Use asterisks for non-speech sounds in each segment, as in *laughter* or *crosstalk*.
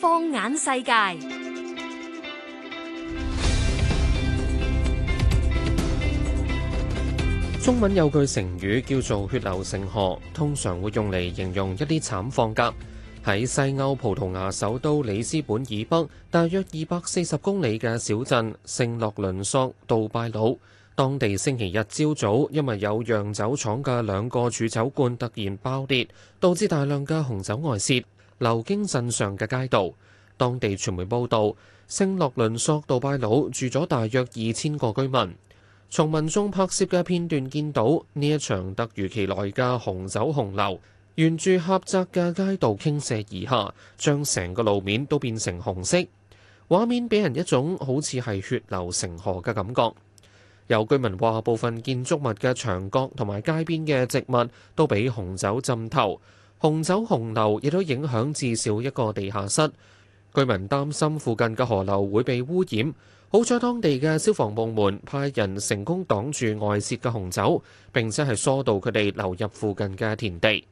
放眼世界，中文有句成語叫做“血流成河”，通常會用嚟形容一啲慘況噶。喺西歐葡萄牙首都里斯本以北大約二百四十公里嘅小鎮聖洛倫索，杜拜羅。當地星期日朝早，因為有釀酒廠嘅兩個儲酒罐突然爆裂，導致大量嘅紅酒外泄，流經鎮上嘅街道。當地傳媒報道，聖洛倫索杜拜魯住咗大約二千個居民。從民眾拍攝嘅片段見到，呢一場突如其來嘅紅酒洪流，沿住狹窄嘅街道傾瀉而下，將成個路面都變成紅色，畫面俾人一種好似係血流成河嘅感覺。有居民話，部分建築物嘅牆角同埋街邊嘅植物都俾紅酒浸透，紅酒洪流亦都影響至少一個地下室，居民擔心附近嘅河流會被污染。好彩當地嘅消防部門派人成功擋住外洩嘅紅酒並且係疏導佢哋流入附近嘅田地 *noise*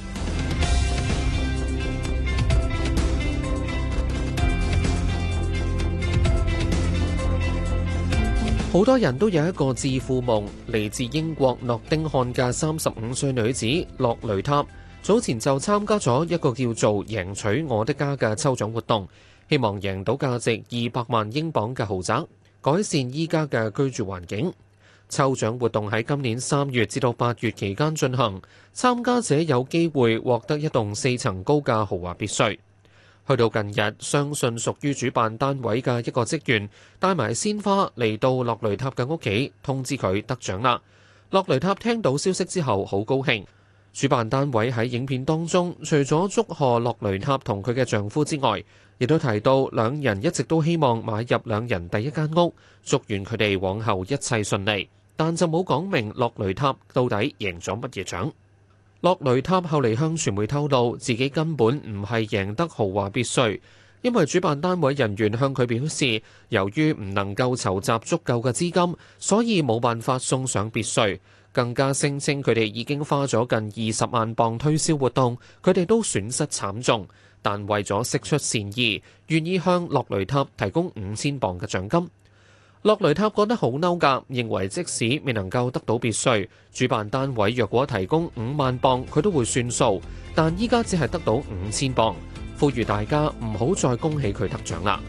好多人都有一個致富夢。嚟自英國諾丁漢嘅三十五歲女子洛雷塔，早前就參加咗一個叫做贏取我的家嘅抽獎活動，希望贏到價值二百萬英鎊嘅豪宅，改善依家嘅居住環境。抽獎活動喺今年三月至到八月期間進行，參加者有機會獲得一棟四層高嘅豪華別墅。去到近日，相信屬於主辦單位嘅一個職員帶埋鮮花嚟到洛雷塔嘅屋企，通知佢得獎啦。洛雷塔聽到消息之後好高興。主辦單位喺影片當中，除咗祝賀洛雷塔同佢嘅丈夫之外，亦都提到兩人一直都希望買入兩人第一間屋，祝願佢哋往後一切順利。但就冇講明洛雷塔到底贏咗乜嘢獎。洛雷塔後嚟向傳媒透露，自己根本唔係贏得豪華別墅，因為主辦單位人員向佢表示，由於唔能夠籌集足夠嘅資金，所以冇辦法送上別墅。更加聲稱佢哋已經花咗近二十萬鎊推銷活動，佢哋都損失慘重，但為咗釋出善意，願意向洛雷塔提供五千鎊嘅獎金。洛雷塔覺得好嬲㗎，認為即使未能夠得到別墅，主辦單位若果提供五萬鎊，佢都會算數，但依家只係得到五千鎊，呼籲大家唔好再恭喜佢得獎啦。